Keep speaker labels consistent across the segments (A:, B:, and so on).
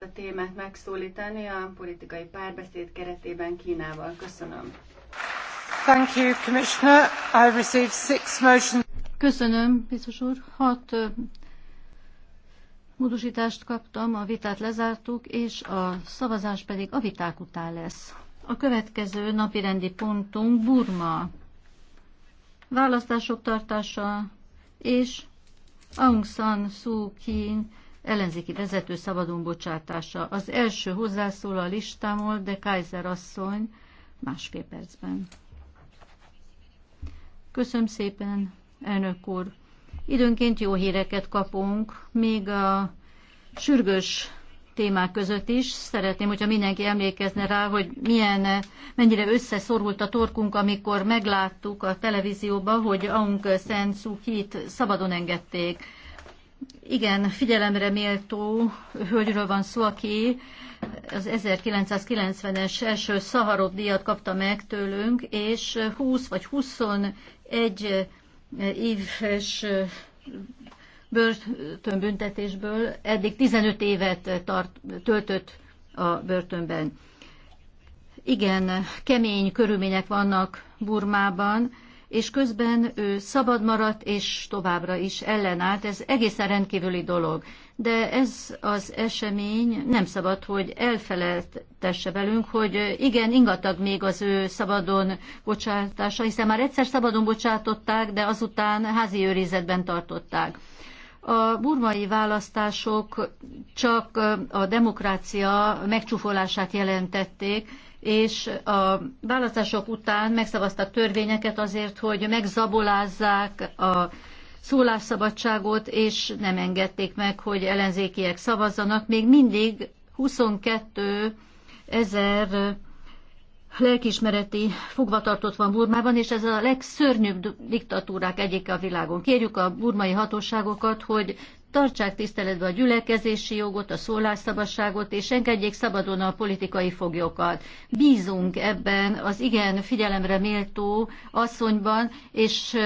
A: a témát megszólítani a politikai párbeszéd keretében Kínával. Köszönöm.
B: Thank you, Commissioner. I received six motions. Köszönöm, biztos úr. Hat módosítást kaptam, a vitát lezártuk, és a szavazás pedig a viták után lesz. A következő napirendi pontunk Burma. Választások tartása és Aung San Suu Kyi ellenzéki vezető szabadon bocsátása. Az első hozzászól a listámon, de Kaiser asszony másfél percben. Köszönöm szépen, elnök úr. Időnként jó híreket kapunk, még a sürgős témák között is. Szeretném, hogyha mindenki emlékezne rá, hogy milyen, mennyire összeszorult a torkunk, amikor megláttuk a televízióban, hogy Aung San Suu Kyi-t szabadon engedték igen, figyelemre méltó hölgyről van szó, aki az 1990-es első Szaharov díjat kapta meg tőlünk, és 20 vagy 21 éves börtönbüntetésből eddig 15 évet tart, töltött a börtönben. Igen, kemény körülmények vannak Burmában, és közben ő szabad maradt, és továbbra is ellenállt. Ez egészen rendkívüli dolog. De ez az esemény nem szabad, hogy elfeleltesse velünk, hogy igen, ingatag még az ő szabadon bocsátása, hiszen már egyszer szabadon bocsátották, de azután házi őrizetben tartották. A burmai választások csak a demokrácia megcsúfolását jelentették, és a választások után megszavaztak törvényeket azért, hogy megzabolázzák a szólásszabadságot, és nem engedték meg, hogy ellenzékiek szavazzanak. Még mindig 22 ezer lelkismereti fogvatartott van Burmában, és ez a legszörnyűbb diktatúrák egyike a világon. Kérjük a burmai hatóságokat, hogy tartsák tiszteletbe a gyülekezési jogot, a szólásszabadságot, és engedjék szabadon a politikai foglyokat. Bízunk ebben az igen figyelemre méltó asszonyban, és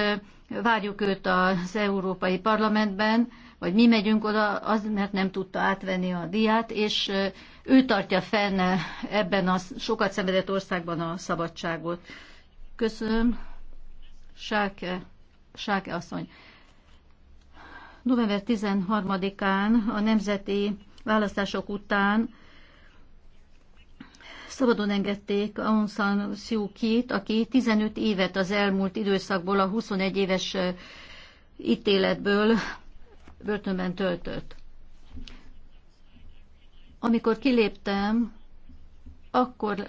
B: várjuk őt az Európai Parlamentben, vagy mi megyünk oda, az, mert nem tudta átvenni a diát, és ő tartja fenn ebben a sokat szenvedett országban a szabadságot. Köszönöm. Sáke, Sáke asszony november 13-án a nemzeti választások után szabadon engedték Aung San Suu Kyi-t, aki 15 évet az elmúlt időszakból a 21 éves ítéletből börtönben töltött. Amikor kiléptem, akkor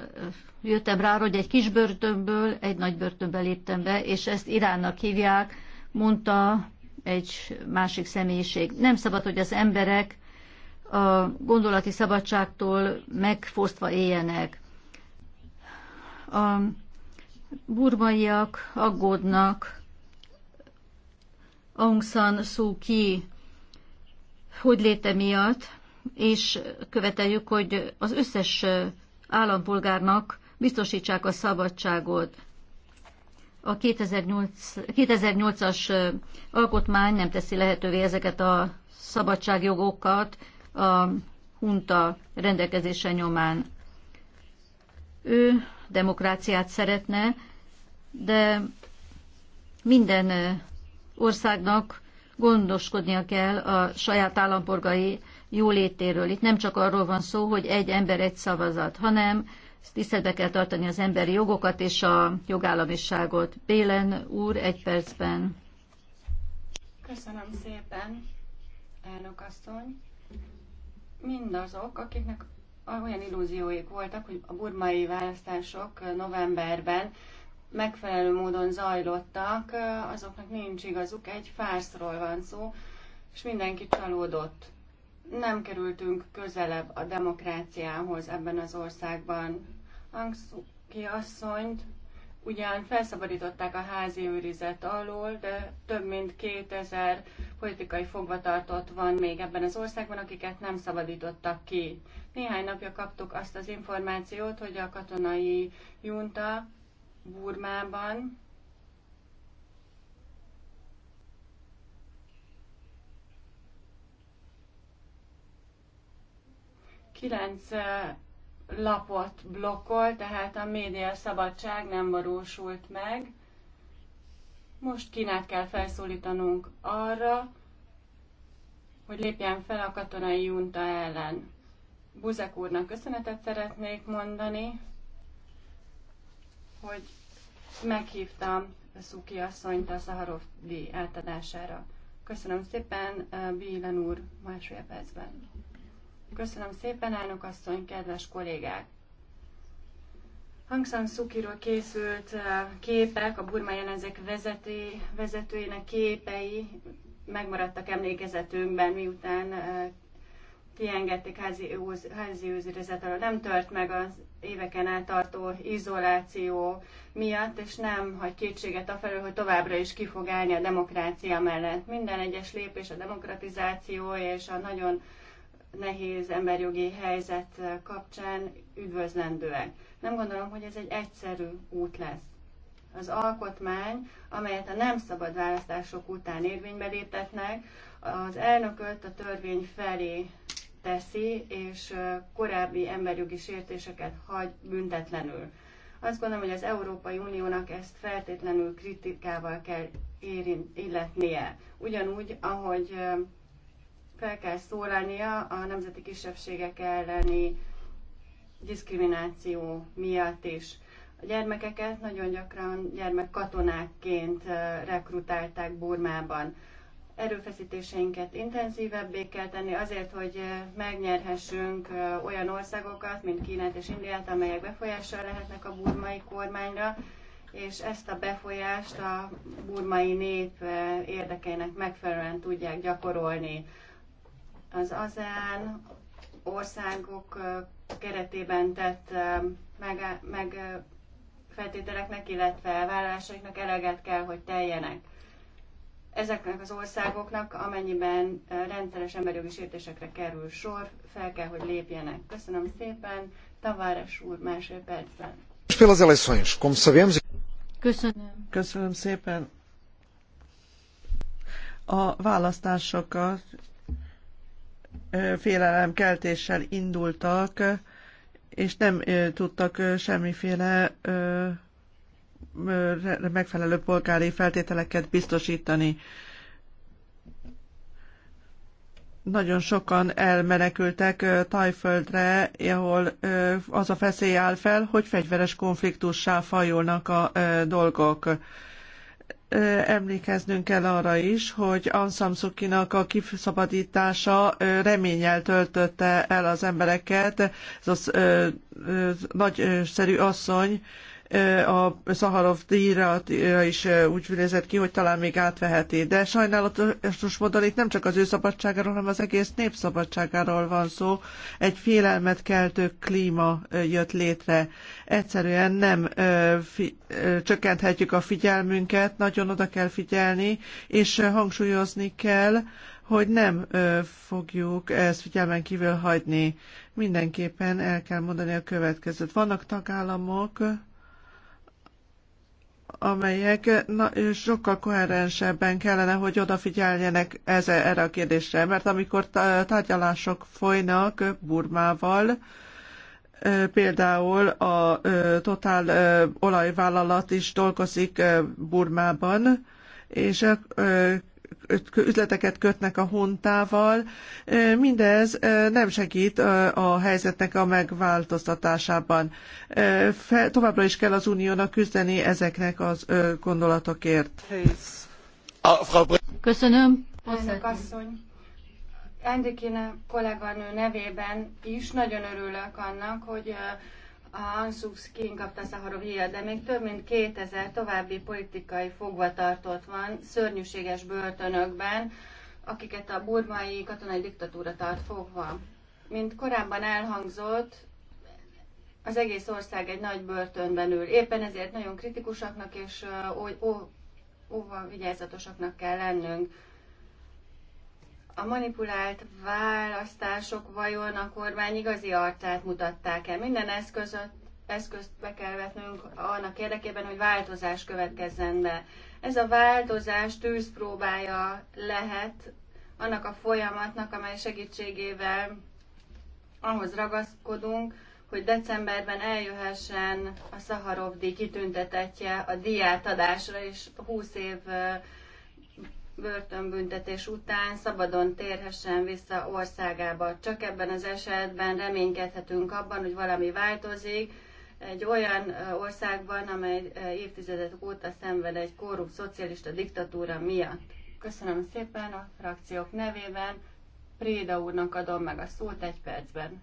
B: jöttem rá, hogy egy kis börtönből egy nagy börtönbe léptem be, és ezt Iránnak hívják, mondta egy másik személyiség. Nem szabad, hogy az emberek a gondolati szabadságtól megfosztva éljenek. A burmaiak aggódnak Aung San Suu Kyi hogy léte miatt, és követeljük, hogy az összes állampolgárnak biztosítsák a szabadságot a 2008, 2008-as alkotmány nem teszi lehetővé ezeket a szabadságjogokat a hunta rendelkezése nyomán. Ő demokráciát szeretne, de minden országnak gondoskodnia kell a saját állampolgai jólétéről. Itt nem csak arról van szó, hogy egy ember egy szavazat, hanem tiszteletbe kell tartani az emberi jogokat és a jogállamiságot. Bélen úr, egy percben.
A: Köszönöm szépen, elnök asszony. Mindazok, akiknek olyan illúzióik voltak, hogy a burmai választások novemberben megfelelő módon zajlottak, azoknak nincs igazuk, egy fárszról van szó, és mindenki csalódott nem kerültünk közelebb a demokráciához ebben az országban. Hangszki asszonyt ugyan felszabadították a házi őrizet alól, de több mint 2000 politikai fogvatartott van még ebben az országban, akiket nem szabadítottak ki. Néhány napja kaptuk azt az információt, hogy a katonai junta Burmában Kilenc lapot blokkol, tehát a média szabadság nem valósult meg. Most Kínát kell felszólítanunk arra, hogy lépjen fel a katonai junta ellen. Buzek úrnak köszönetet szeretnék mondani, hogy meghívtam Szuki asszonyt a Szaharov díj átadására. Köszönöm szépen, Bílen úr, másfél percben. Köszönöm szépen, elnök asszony, kedves kollégák! Hangsan Szukiról készült eh, képek, a burmai jelenzek vezeté, vezetőjének képei megmaradtak emlékezetünkben, miután eh, kiengedték házi, házi őzőrizetelől. Nem tört meg az éveken át tartó izoláció miatt, és nem hagy kétséget afelől, hogy továbbra is ki fog állni a demokrácia mellett. Minden egyes lépés a demokratizáció és a nagyon nehéz emberjogi helyzet kapcsán üdvözlendőek. Nem gondolom, hogy ez egy egyszerű út lesz. Az alkotmány, amelyet a nem szabad választások után érvénybe léptetnek, az elnököt a törvény felé teszi, és korábbi emberjogi sértéseket hagy büntetlenül. Azt gondolom, hogy az Európai Uniónak ezt feltétlenül kritikával kell érint, illetnie. Ugyanúgy, ahogy fel kell szólalnia a nemzeti kisebbségek elleni diszkrimináció miatt is. A gyermekeket nagyon gyakran gyermekkatonákként rekrutálták Burmában. Erőfeszítéseinket intenzívebbé kell tenni azért, hogy megnyerhessünk olyan országokat, mint Kínát és Indiát, amelyek befolyással lehetnek a burmai kormányra, és ezt a befolyást a burmai nép érdekeinek megfelelően tudják gyakorolni az ASEAN országok keretében tett meg, meg feltételeknek, illetve elvárásaiknak eleget kell, hogy teljenek. Ezeknek az országoknak, amennyiben rendszeres emberjogi sértésekre kerül sor, fel kell, hogy lépjenek. Köszönöm szépen, Taváres úr másfél percben.
C: Köszönöm. Köszönöm szépen. A választásokat félelemkeltéssel indultak, és nem tudtak semmiféle megfelelő polgári feltételeket biztosítani. Nagyon sokan elmenekültek Tajföldre, ahol az a feszély áll fel, hogy fegyveres konfliktussá fajulnak a dolgok emlékeznünk kell arra is, hogy Aung San Suu Kyi-nak a kiszabadítása reményel töltötte el az embereket. Ez az nagyszerű asszony a Szaharov díjra is úgy fülezett ki, hogy talán még átveheti. De sajnálatos módon itt nem csak az ő szabadságáról, hanem az egész népszabadságáról van szó. Egy félelmet keltő klíma jött létre. Egyszerűen nem csökkenthetjük a figyelmünket, nagyon oda kell figyelni, és hangsúlyozni kell, hogy nem fogjuk ezt figyelmen kívül hagyni. Mindenképpen el kell mondani a következőt. Vannak tagállamok, amelyek na, sokkal koherensebben kellene, hogy odafigyeljenek ez, erre a kérdésre, mert amikor tárgyalások folynak Burmával, például a Total olajvállalat is dolgozik Burmában, és üzleteket kötnek a hontával. Mindez nem segít a helyzetnek a megváltoztatásában. Továbbra is kell az uniónak küzdeni ezeknek az gondolatokért. Köszönöm.
A: Elnök asszony, Endikine kolléganő nevében is nagyon örülök annak, hogy a Hansuks King a Szaharov de még több mint 2000 további politikai fogvatartott van szörnyűséges börtönökben, akiket a burmai katonai diktatúra tart fogva. Mint korábban elhangzott, az egész ország egy nagy börtönben ül. Éppen ezért nagyon kritikusaknak és óva vigyázatosaknak kell lennünk a manipulált választások vajon a kormány igazi arcát mutatták-e? Minden eszközöt, eszközt be kell vetnünk annak érdekében, hogy változás következzen be. Ez a változás tűzpróbája lehet annak a folyamatnak, amely segítségével ahhoz ragaszkodunk, hogy decemberben eljöhessen a Szaharov díj kitüntetetje a diátadásra, és 20 év börtönbüntetés után szabadon térhessen vissza országába. Csak ebben az esetben reménykedhetünk abban, hogy valami változik, egy olyan országban, amely évtizedek óta szenved egy korrupt szocialista diktatúra miatt. Köszönöm szépen a frakciók nevében. Préda úrnak adom meg a szót egy percben.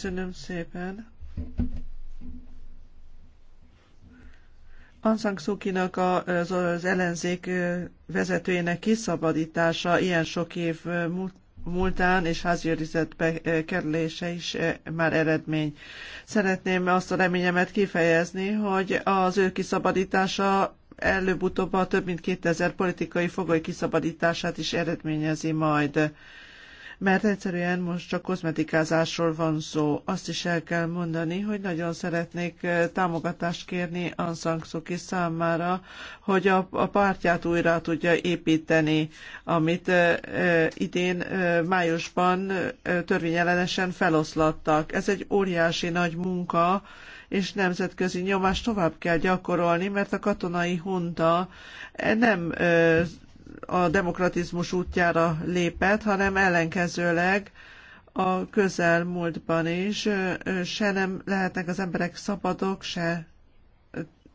C: Köszönöm szépen. Ansang Sukinak az, az ellenzék vezetőjének kiszabadítása ilyen sok év múltán és háziőrizetbe kerülése is már eredmény. Szeretném azt a reményemet kifejezni, hogy az ő kiszabadítása előbb-utóbb a több mint 2000 politikai fogoly kiszabadítását is eredményezi majd mert egyszerűen most csak kozmetikázásról van szó. Azt is el kell mondani, hogy nagyon szeretnék támogatást kérni Ansang Suki számára, hogy a, a pártját újra tudja építeni, amit e, e, idén e, májusban e, törvényellenesen feloszlattak. Ez egy óriási nagy munka, és nemzetközi nyomást tovább kell gyakorolni, mert a katonai hunta nem a demokratizmus útjára lépett, hanem ellenkezőleg a közelmúltban is se nem lehetnek az emberek szabadok, se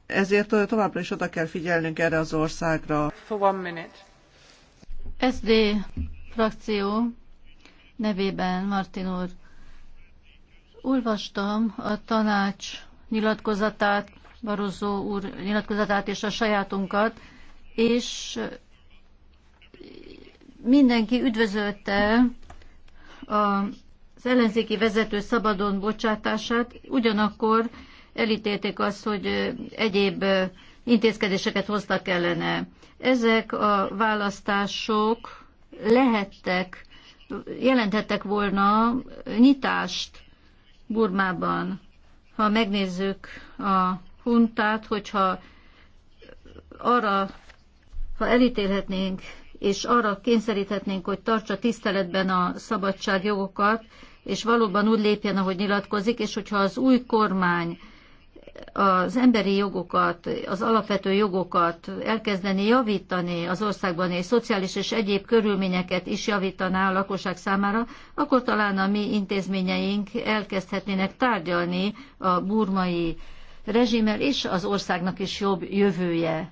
C: ezért továbbra is oda kell figyelnünk erre az országra.
A: For one minute.
B: SD frakció nevében, Martin úr, olvastam a tanács nyilatkozatát, Barozó úr nyilatkozatát és a sajátunkat, és mindenki üdvözölte az ellenzéki vezető szabadon bocsátását, ugyanakkor elítélték azt, hogy egyéb intézkedéseket hoztak ellene. Ezek a választások lehettek, jelentettek volna nyitást Burmában. Ha megnézzük a huntát, hogyha arra, ha elítélhetnénk és arra kényszeríthetnénk, hogy tartsa tiszteletben a szabadságjogokat, és valóban úgy lépjen, ahogy nyilatkozik, és hogyha az új kormány az emberi jogokat, az alapvető jogokat elkezdeni javítani az országban, és szociális és egyéb körülményeket is javítaná a lakosság számára, akkor talán a mi intézményeink elkezdhetnének tárgyalni a burmai rezsimmel, és az országnak is jobb jövője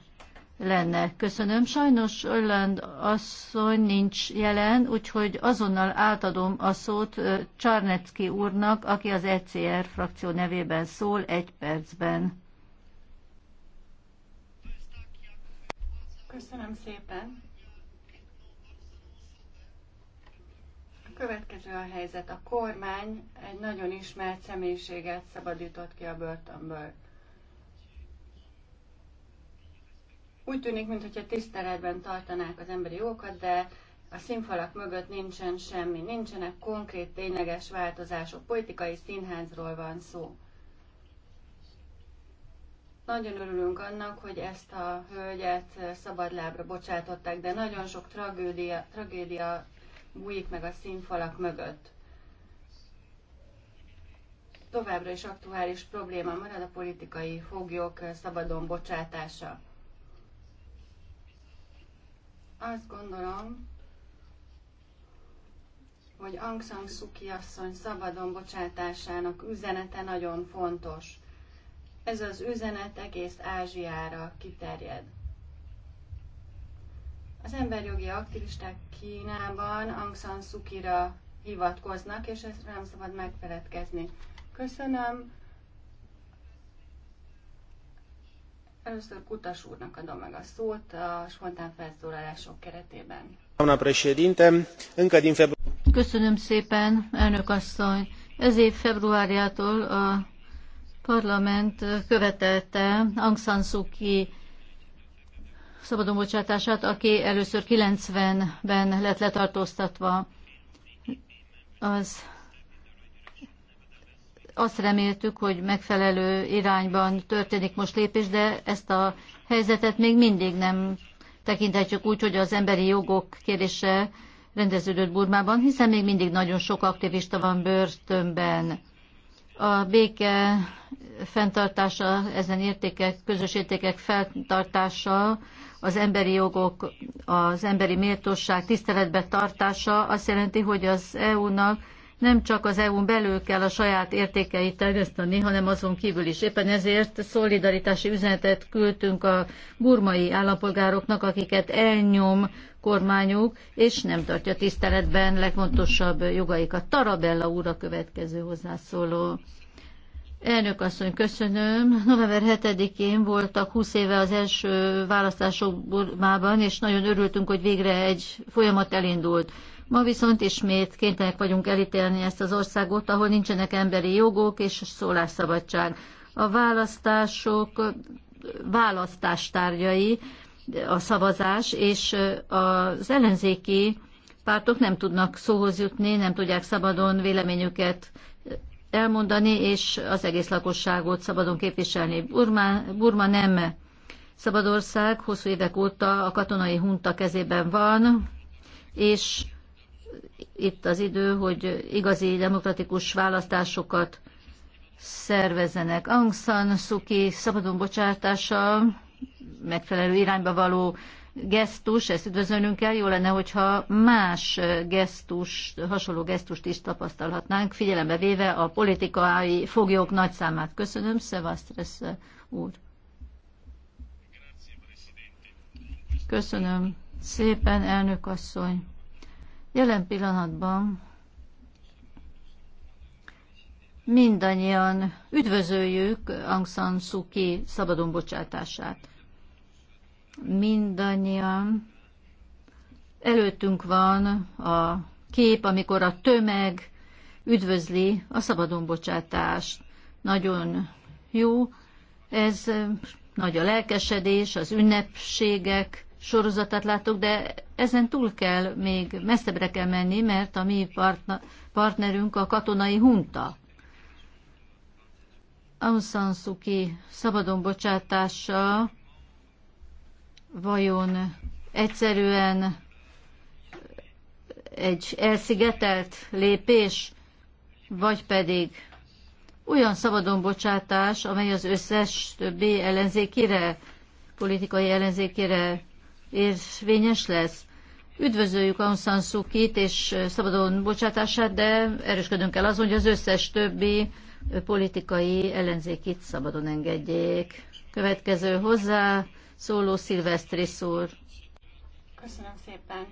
B: lenne. Köszönöm. Sajnos Öland asszony nincs jelen, úgyhogy azonnal átadom a szót Csarnecki úrnak, aki az ECR frakció nevében szól egy percben.
A: Köszönöm szépen. A következő a helyzet. A kormány egy nagyon ismert személyiséget szabadított ki a börtönből. Úgy tűnik, mintha tiszteletben tartanák az emberi jogokat, de a színfalak mögött nincsen semmi, nincsenek konkrét, tényleges változások. Politikai színházról van szó. Nagyon örülünk annak, hogy ezt a hölgyet szabadlábra bocsátották, de nagyon sok tragédia, tragédia bújik meg a színfalak mögött. Továbbra is aktuális probléma marad a politikai foglyok szabadon bocsátása. Azt gondolom, hogy Aung San Suu Kyi asszony szabadon bocsátásának üzenete nagyon fontos. Ez az üzenet egész Ázsiára kiterjed. Az emberjogi aktivisták Kínában Aung San Suu Kyi-ra hivatkoznak, és ezt nem szabad megfeledkezni. Köszönöm. Először Kutas úrnak adom meg a szót a spontán felszólalások keretében.
B: Köszönöm szépen, elnök asszony. Ez év februárjától a parlament követelte Aung San Suu Kyi szabadonbocsátását, aki először 90-ben lett letartóztatva. Az azt reméltük, hogy megfelelő irányban történik most lépés, de ezt a helyzetet még mindig nem tekinthetjük úgy, hogy az emberi jogok kérdése rendeződött Burmában, hiszen még mindig nagyon sok aktivista van börtönben. A béke fenntartása, ezen értékek, közös értékek fenntartása, az emberi jogok, az emberi méltóság tiszteletbe tartása azt jelenti, hogy az EU-nak nem csak az EU-n belül kell a saját értékeit terjeszteni, hanem azon kívül is. Éppen ezért szolidaritási üzenetet küldtünk a burmai állampolgároknak, akiket elnyom kormányuk, és nem tartja tiszteletben legfontosabb jogaikat. Tarabella úr a következő hozzászóló. Elnök asszony, köszönöm. November 7-én voltak 20 éve az első választások Burmában, és nagyon örültünk, hogy végre egy folyamat elindult. Ma viszont ismét kénytelenek vagyunk elítélni ezt az országot, ahol nincsenek emberi jogok és szólásszabadság. A választások választástárgyai a szavazás, és az ellenzéki pártok nem tudnak szóhoz jutni, nem tudják szabadon véleményüket elmondani, és az egész lakosságot szabadon képviselni. Burma, Burma nem szabad ország, hosszú évek óta a katonai hunta kezében van, és itt az idő, hogy igazi demokratikus választásokat szervezzenek. Aung San Suu Kyi szabadon bocsátása megfelelő irányba való gesztus, ezt üdvözölnünk kell, jó lenne, hogyha más gesztus, hasonló gesztust is tapasztalhatnánk, figyelembe véve a politikai foglyok nagy számát. Köszönöm, Szevasztres úr. Köszönöm szépen, elnök asszony. Jelen pillanatban mindannyian üdvözöljük Aung San Suu Kyi szabadon bocsátását. Mindannyian előttünk van a kép, amikor a tömeg üdvözli a szabadonbocsátást. Nagyon jó, ez nagy a lelkesedés, az ünnepségek sorozatát látok, de ezen túl kell még messzebbre kell menni, mert a mi partnerünk a katonai hunta. Aung San Suu Kyi szabadon bocsátása vajon egyszerűen egy elszigetelt lépés, vagy pedig olyan szabadonbocsátás, amely az összes többi ellenzékére, politikai ellenzékére érvényes lesz. Üdvözöljük Aung San Suu Kyi-t és szabadon bocsátását, de erősködünk el azon, hogy az összes többi politikai ellenzékit szabadon engedjék. Következő hozzá szóló Szilvesztri úr.
A: Köszönöm szépen.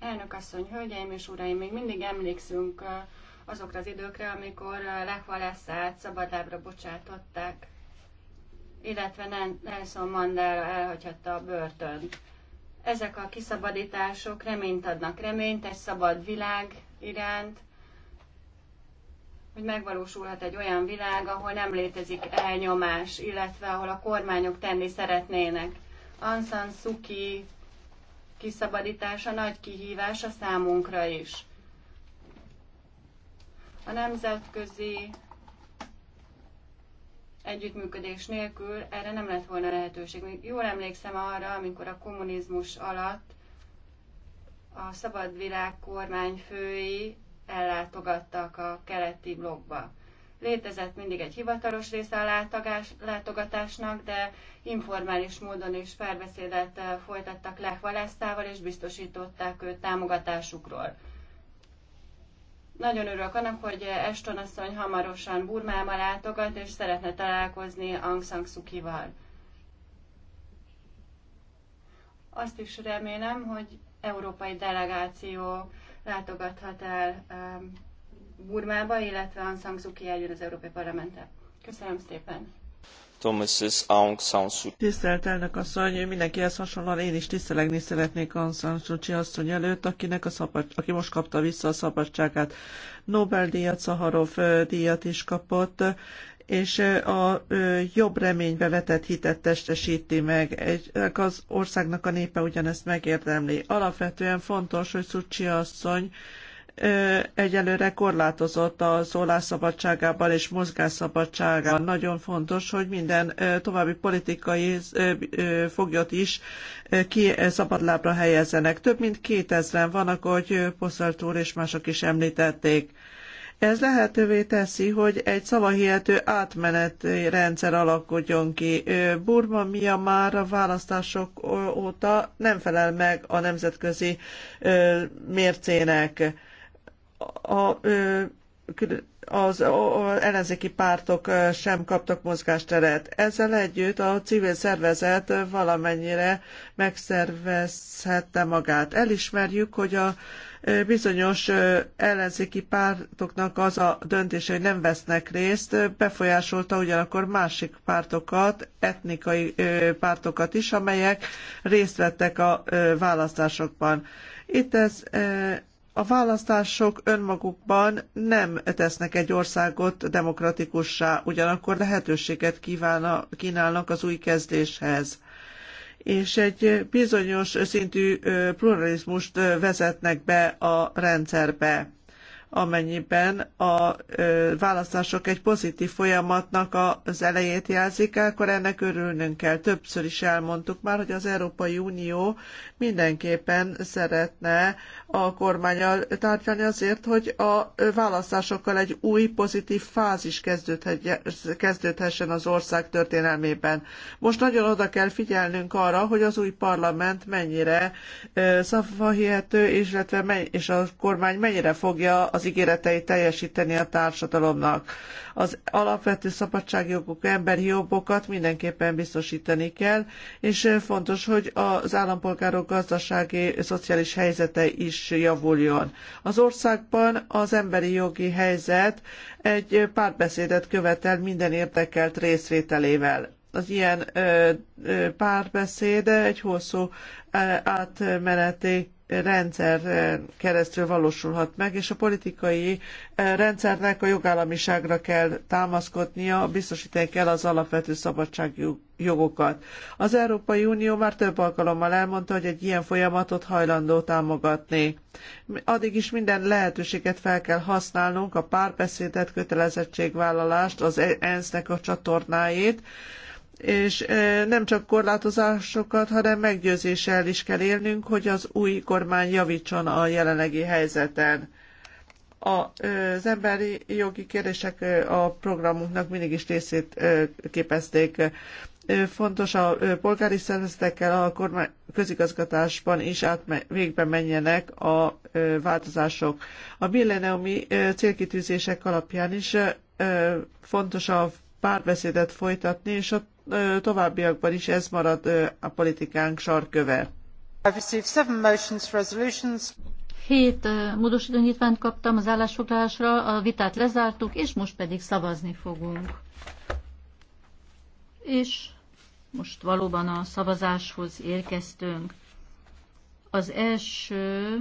A: Elnök asszony, hölgyeim és uraim, még mindig emlékszünk azokra az időkre, amikor Lechvalászát szabadlábra bocsátották, illetve Nelson Mandela elhagyhatta a börtönt. Ezek a kiszabadítások reményt adnak reményt egy szabad világ iránt, hogy megvalósulhat egy olyan világ, ahol nem létezik elnyomás, illetve ahol a kormányok tenni szeretnének. Ansan Suki kiszabadítása nagy kihívás a számunkra is. A nemzetközi együttműködés nélkül erre nem lett volna lehetőség. Még jól emlékszem arra, amikor a kommunizmus alatt a szabad világ kormányfői ellátogattak a keleti blokkba. Létezett mindig egy hivatalos része a látogás, látogatásnak, de informális módon is felbeszédet eh, folytattak Lech Valesztával, és biztosították őt támogatásukról. Nagyon örülök annak, hogy Eston asszony hamarosan Burmába látogat, és szeretne találkozni Aung San Suu Kyi-val. Azt is remélem, hogy európai delegáció látogathat el um, Burmába, illetve Aung San Suu Kyi eljön az Európai Parlamentbe. Köszönöm szépen!
C: Tisztelt elnök asszony, mindenkihez hasonlóan én is tisztelegni szeretnék Aung San Suu Kyi asszony előtt, akinek a szabad, aki most kapta vissza a szabadságát. Nobel-díjat, Szaharov díjat is kapott, és a jobb reménybe vetett hitet testesíti meg. Egy, az országnak a népe ugyanezt megérdemli. Alapvetően fontos, hogy Kyi asszony egyelőre korlátozott a szólásszabadságában és mozgásszabadságában. Nagyon fontos, hogy minden további politikai foglyot is ki szabadlábra helyezzenek. Több mint kétezren vannak, ahogy Poszert úr és mások is említették. Ez lehetővé teszi, hogy egy szavahihető átmeneti rendszer alakuljon ki. Burma Mia már a választások óta nem felel meg a nemzetközi mércének a, az ellenzéki pártok sem kaptak mozgásteret. Ezzel együtt a civil szervezet valamennyire megszervezhette magát. Elismerjük, hogy a bizonyos ellenzéki pártoknak az a döntése, hogy nem vesznek részt, befolyásolta ugyanakkor másik pártokat, etnikai pártokat is, amelyek részt vettek a választásokban. Itt ez a választások önmagukban nem tesznek egy országot demokratikussá, ugyanakkor lehetőséget kívánna, kínálnak az új kezdéshez és egy bizonyos szintű pluralizmust vezetnek be a rendszerbe amennyiben a választások egy pozitív folyamatnak az elejét jelzik, akkor ennek örülnünk kell. Többször is elmondtuk már, hogy az Európai Unió mindenképpen szeretne a kormányal tárgyalni azért, hogy a választásokkal egy új pozitív fázis kezdődhessen az ország történelmében. Most nagyon oda kell figyelnünk arra, hogy az új parlament mennyire szavahihető, és, illetve és a kormány mennyire fogja az az ígéreteit teljesíteni a társadalomnak. Az alapvető szabadságjogok, emberi jogokat mindenképpen biztosítani kell, és fontos, hogy az állampolgárok gazdasági, szociális helyzete is javuljon. Az országban az emberi jogi helyzet egy párbeszédet követel minden érdekelt részvételével az ilyen párbeszéd egy hosszú átmeneti rendszer eh, keresztül valósulhat meg, és a politikai eh, rendszernek a jogállamiságra kell támaszkodnia, biztosítani kell az alapvető szabadságjogokat. Az Európai Unió már több alkalommal elmondta, hogy egy ilyen folyamatot hajlandó támogatni. Addig is minden lehetőséget fel kell használnunk, a párbeszédet, kötelezettségvállalást, az e-, ENSZ-nek a csatornáit, és nem csak korlátozásokat, hanem meggyőzéssel is kell élnünk, hogy az új kormány javítson a jelenlegi helyzeten. A, az emberi jogi kérdések a programunknak mindig is részét képezték. Fontos a polgári szervezetekkel a kormány közigazgatásban is átme, végbe menjenek a változások. A milleniumi célkitűzések alapján is fontos a párbeszédet folytatni, és a továbbiakban is ez marad a politikánk sarköve.
B: Hét nyitványt kaptam az állásfoglalásra, a vitát lezártuk, és most pedig szavazni fogunk. És most valóban a szavazáshoz érkeztünk. Az első